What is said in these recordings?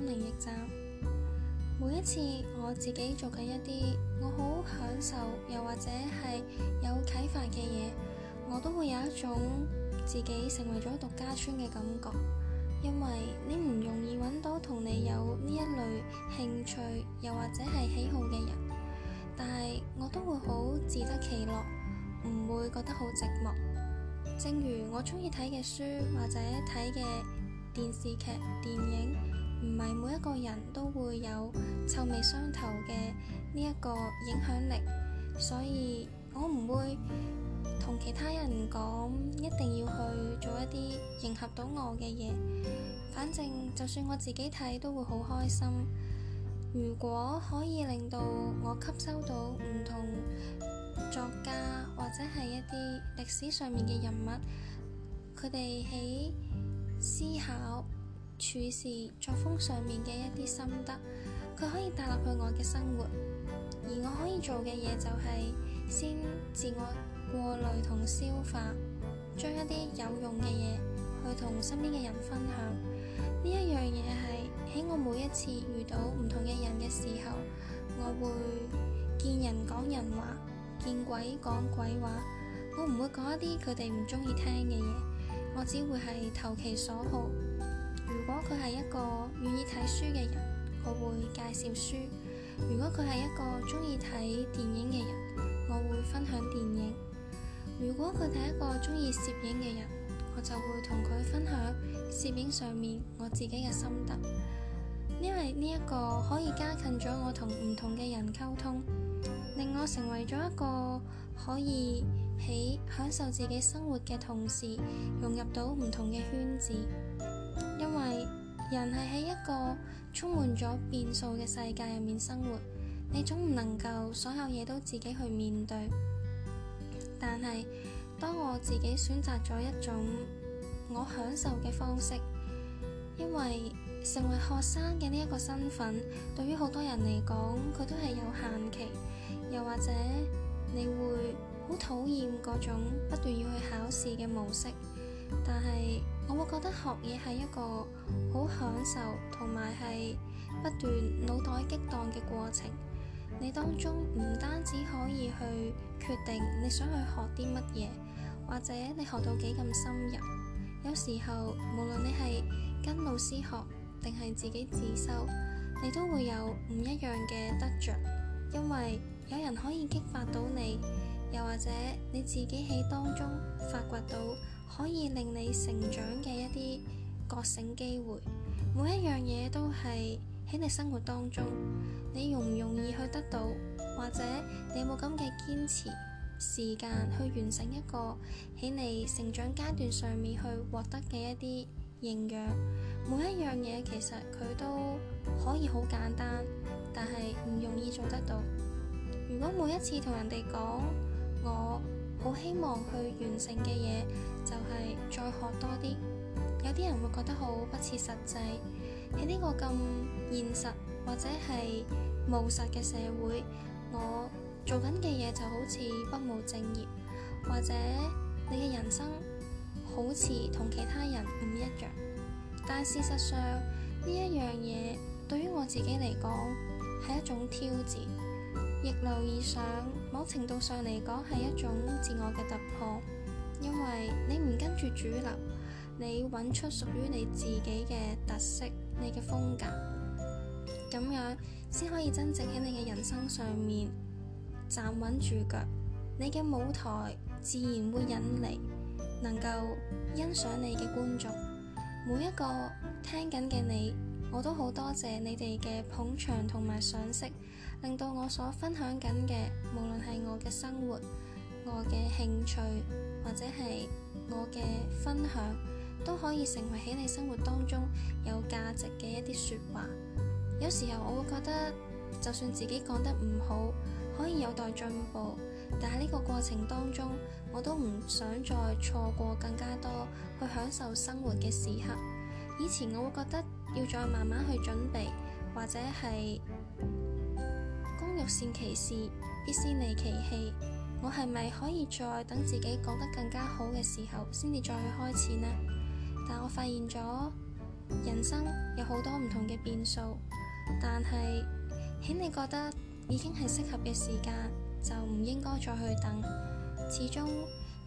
心靈驛站。每一次我自己做緊一啲我好享受，又或者係有啟發嘅嘢，我都會有一種自己成為咗獨家村嘅感覺，因為呢唔容易揾到同你有呢一類興趣，又或者係喜好嘅人。但係我都會好自得其樂，唔會覺得好寂寞。正如我中意睇嘅書或者睇嘅電視劇、電影。唔係每一個人都會有臭味相投嘅呢一個影響力，所以我唔會同其他人講一定要去做一啲迎合到我嘅嘢。反正就算我自己睇都會好開心。如果可以令到我吸收到唔同作家或者係一啲歷史上面嘅人物，佢哋喺思考，處事作風上面嘅一啲心得，佢可以帶落去我嘅生活。而我可以做嘅嘢就係、是、先自我過濾同消化，將一啲有用嘅嘢去同身邊嘅人分享。呢一樣嘢係喺我每一次遇到唔同嘅人嘅時候，我會見人講人話，見鬼講鬼話，我唔會講一啲佢哋唔中意聽嘅嘢，我只會係投其所好。如果佢係一個願意睇書嘅人，我會介紹書；如果佢係一個中意睇電影嘅人，我會分享電影；如果佢係一個中意攝影嘅人，我就會同佢分享攝影上面我自己嘅心得。因為呢一個可以加近咗我同唔同嘅人溝通，令我成為咗一個可以喺享受自己生活嘅同時融入到唔同嘅圈子。因為人係喺一個充滿咗變數嘅世界入面生活，你總唔能夠所有嘢都自己去面對。但係當我自己選擇咗一種我享受嘅方式，因為成為學生嘅呢一個身份，對於好多人嚟講，佢都係有限期。又或者你會好討厭嗰種不斷要去考試嘅模式，但係，我會覺得學嘢係一個好享受，同埋係不斷腦袋激盪嘅過程。你當中唔單止可以去決定你想去學啲乜嘢，或者你學到幾咁深入。有時候，無論你係跟老師學，定係自己自修，你都會有唔一樣嘅得着，因為有人可以激發到你，又或者你自己喺當中發掘到。可以令你成長嘅一啲覺醒機會，每一樣嘢都係喺你生活當中，你容唔容易去得到？或者你冇咁嘅堅持時間去完成一個喺你成長階段上面去獲得嘅一啲營養。每一樣嘢其實佢都可以好簡單，但係唔容易做得到。如果每一次同人哋講，我好希望去完成嘅嘢，就係再學多啲，有啲人會覺得好不切實際。喺呢個咁現實或者係務實嘅社會，我做緊嘅嘢就好似不務正業，或者你嘅人生好似同其他人唔一樣。但事實上呢一樣嘢對於我自己嚟講係一種挑戰，逆流而上，某程度上嚟講係一種自我嘅突破。因為你唔跟住主流，你揾出屬於你自己嘅特色，你嘅風格咁樣先可以真正喺你嘅人生上面站穩住腳。你嘅舞台自然會引嚟能夠欣賞你嘅觀眾。每一個聽緊嘅你，我都好多謝你哋嘅捧場同埋賞識，令到我所分享緊嘅，無論係我嘅生活，我嘅興趣或者係我嘅分享都可以成為喺你生活當中有價值嘅一啲説話。有時候我會覺得，就算自己講得唔好，可以有待進步，但係呢個過程當中，我都唔想再錯過更加多去享受生活嘅時刻。以前我會覺得要再慢慢去準備，或者係工欲善其事，必先利其器。我係咪可以再等自己覺得更加好嘅時候，先至再去開始呢？但我發現咗人生有好多唔同嘅變數，但係喺你覺得已經係適合嘅時間，就唔應該再去等。始終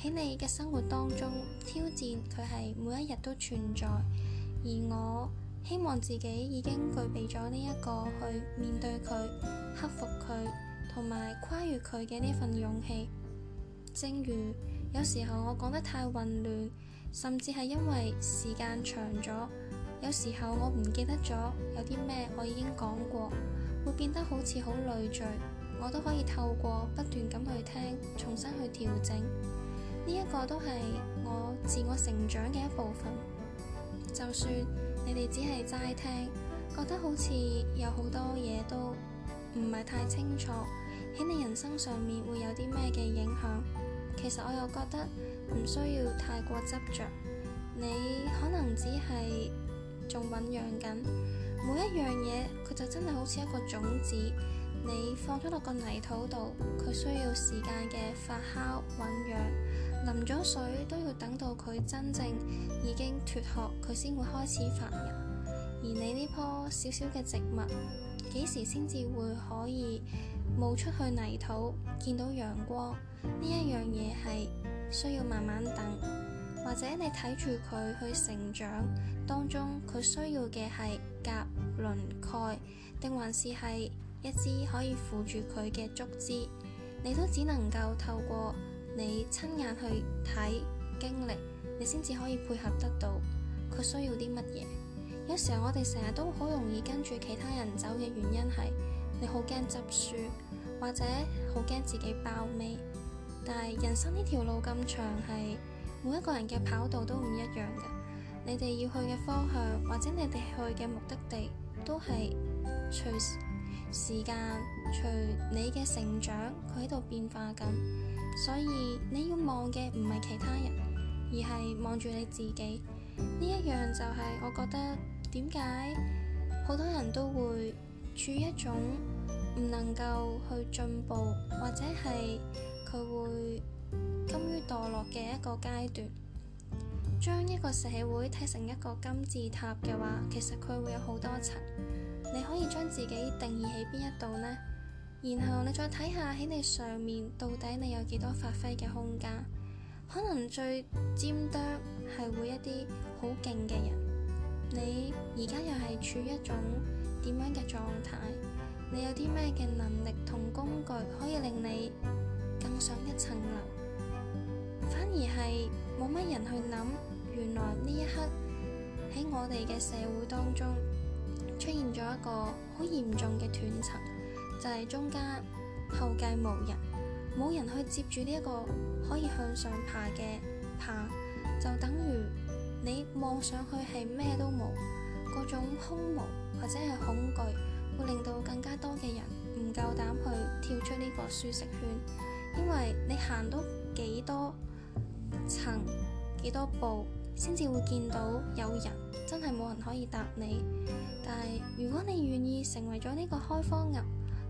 喺你嘅生活當中，挑戰佢係每一日都存在。而我希望自己已經具備咗呢一個去面對佢、克服佢，同埋跨越佢嘅呢份勇氣，正如有時候我講得太混亂，甚至係因為時間長咗，有時候我唔記得咗有啲咩我已經講過，會變得好似好累贅。我都可以透過不斷咁去聽，重新去調整。呢一個都係我自我成長嘅一部分。就算你哋只係齋聽，覺得好似有好多嘢都～唔係太清楚，喺你人生上面會有啲咩嘅影響？其實我又覺得唔需要太過執着。你可能只係仲醞釀緊每一樣嘢，佢就真係好似一個種子，你放咗落個泥土度，佢需要時間嘅發酵醞釀，淋咗水都要等到佢真正已經脫殼，佢先會開始發芽。而你呢棵小小嘅植物。幾時先至會可以冒出去泥土，見到陽光？呢一樣嘢係需要慢慢等，或者你睇住佢去成長當中，佢需要嘅係鉀磷、鈣，定還是係一支可以扶住佢嘅竹枝？你都只能夠透過你親眼去睇經歷，你先至可以配合得到佢需要啲乜嘢。有時候我哋成日都好容易跟住其他人走嘅原因係，你好驚執輸，或者好驚自己爆尾。但係人生呢條路咁長，係每一個人嘅跑道都唔一樣嘅。你哋要去嘅方向，或者你哋去嘅目的地，都係隨時間隨你嘅成長，佢喺度變化緊。所以你要望嘅唔係其他人，而係望住你自己。呢一樣就係我覺得。點解好多人都會處於一種唔能夠去進步，或者係佢會甘於墮落嘅一個階段？將一個社會睇成一個金字塔嘅話，其實佢會有好多層，你可以將自己定義喺邊一度呢？然後你再睇下喺你上面到底你有幾多發揮嘅空間，可能最尖端係會一啲好勁嘅人。你而家又係處於一種點樣嘅狀態？你有啲咩嘅能力同工具可以令你更上一層樓？反而係冇乜人去諗，原來呢一刻喺我哋嘅社會當中出現咗一個好嚴重嘅斷層，就係、是、中間後繼無人，冇人去接住呢一個可以向上爬嘅爬，就等於。你望上去係咩都冇，嗰種空無或者係恐懼，會令到更加多嘅人唔夠膽去跳出呢個舒適圈，因為你行到幾多層幾多步，先至會見到有人，真係冇人可以答你。但係如果你願意成為咗呢個開荒牛，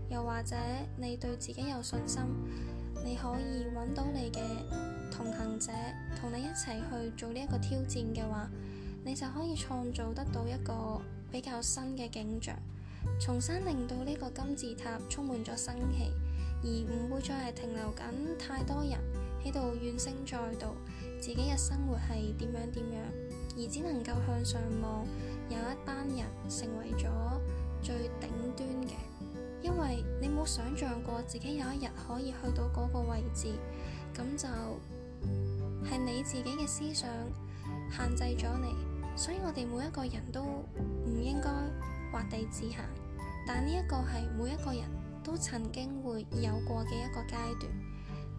又或者你對自己有信心，你可以揾到你嘅。同行者同你一齊去做呢一個挑戰嘅話，你就可以創造得到一個比較新嘅景象，重新令到呢個金字塔充滿咗生氣，而唔會再係停留緊太多人喺度怨聲載道，自己嘅生活係點樣點樣，而只能夠向上望，有一班人成為咗最頂端嘅，因為你冇想象過自己有一日可以去到嗰個位置，咁就。係你自己嘅思想限制咗你，所以我哋每一個人都唔應該畫地自限。但呢一個係每一個人都曾經會有過嘅一個階段。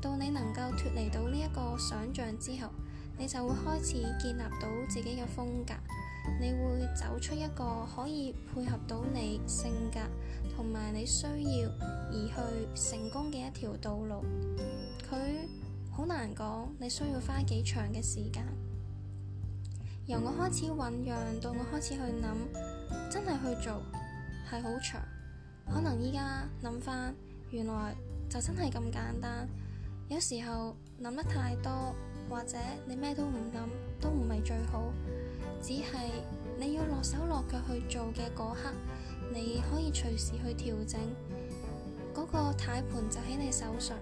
到你能夠脫離到呢一個想象之後，你就會開始建立到自己嘅風格，你會走出一個可以配合到你性格同埋你需要而去成功嘅一條道路。好難講，你需要花幾長嘅時間。由我開始醞釀，到我開始去諗，真係去做係好長。可能依家諗翻，原來就真係咁簡單。有時候諗得太多，或者你咩都唔諗，都唔係最好。只係你要落手落腳去做嘅嗰刻，你可以隨時去調整，嗰個軚盤就喺你手上，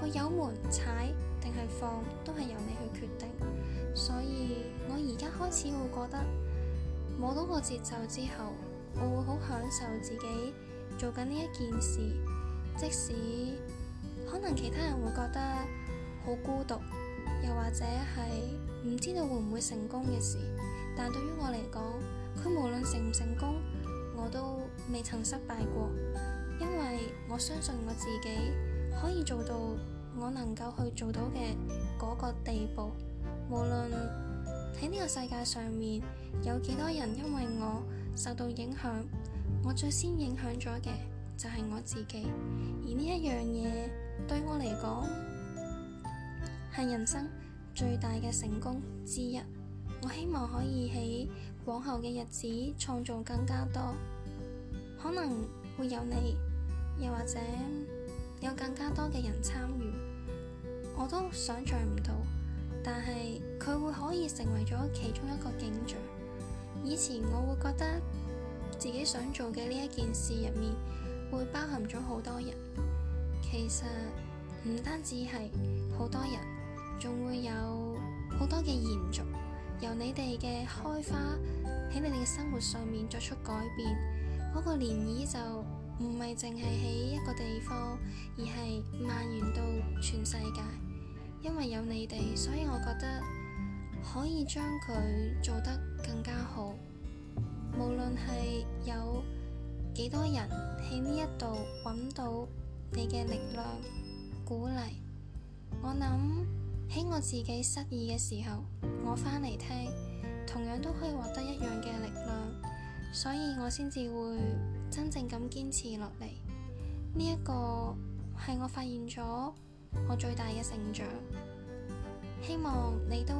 個油門踩定係放都係由你去決定，所以我而家開始會覺得摸到個節奏之後，我會好享受自己做緊呢一件事。即使可能其他人會覺得好孤獨，又或者係唔知道會唔會成功嘅事，但對於我嚟講，佢無論成唔成功，我都未曾失敗過，因為我相信我自己可以做到。我能夠去做到嘅嗰個地步，無論喺呢個世界上面有幾多人因為我受到影響，我最先影響咗嘅就係我自己，而呢一樣嘢對我嚟講係人生最大嘅成功之一。我希望可以喺往後嘅日子創造更加多，可能會有你，又或者有更加多嘅人參與。我都想象唔到，但係佢會可以成為咗其中一個景象。以前我會覺得自己想做嘅呢一件事入面，會包含咗好多人。其實唔單止係好多人，仲會有好多嘅延續，由你哋嘅開花喺你哋嘅生活上面作出改變。嗰個漣漪就唔係淨係喺一個地方，而係蔓延到全世界。因為有你哋，所以我覺得可以將佢做得更加好。無論係有幾多人喺呢一度揾到你嘅力量鼓勵，我諗喺我自己失意嘅時候，我返嚟聽，同樣都可以獲得一樣嘅力量，所以我先至會真正咁堅持落嚟。呢一個係我發現咗我最大嘅成長，希望你都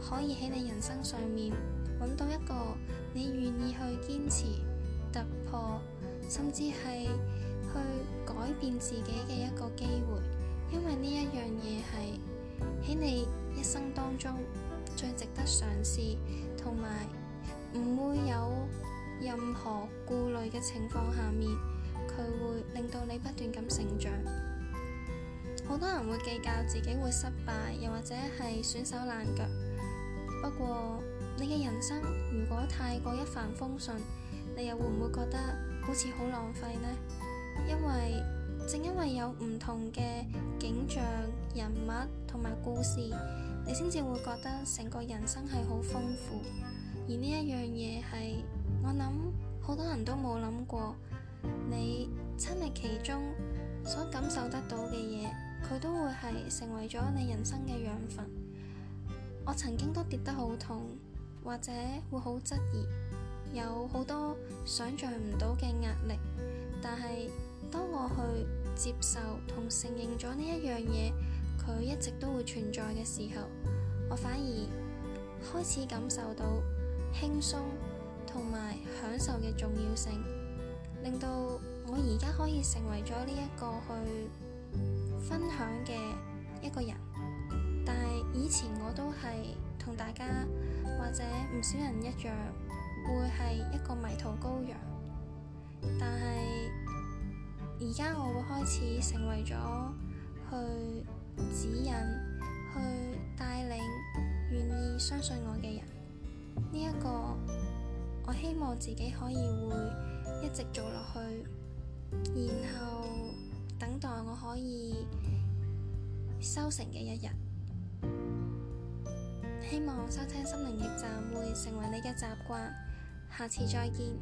可以喺你人生上面揾到一個你願意去堅持、突破，甚至係去改變自己嘅一個機會。因為呢一樣嘢係喺你一生當中最值得嘗試，同埋唔會有任何顧慮嘅情況下面，佢會令到你不斷咁成長。好多人會計較自己會失敗，又或者係損手爛腳。不過，你嘅人生如果太過一帆風順，你又會唔會覺得好似好浪費呢？因為正因為有唔同嘅景象、人物同埋故事，你先至會覺得成個人生係好豐富。而呢一樣嘢係我諗好多人都冇諗過，你親歷其中所感受得到嘅嘢。佢都會係成為咗你人生嘅養分。我曾經都跌得好痛，或者會好質疑，有好多想像唔到嘅壓力。但係當我去接受同承認咗呢一樣嘢，佢一直都會存在嘅時候，我反而開始感受到輕鬆同埋享受嘅重要性，令到我而家可以成為咗呢一個去分享嘅一個人，但係以前我都係同大家或者唔少人一樣，會係一個迷途羔羊。但係而家我會開始成為咗去指引、去帶領願意相信我嘅人，呢一個我希望自己可以會一直做落去，然後，等待，我可以收成嘅一日，希望收聽心靈驛站會成為你嘅習慣，下次再見。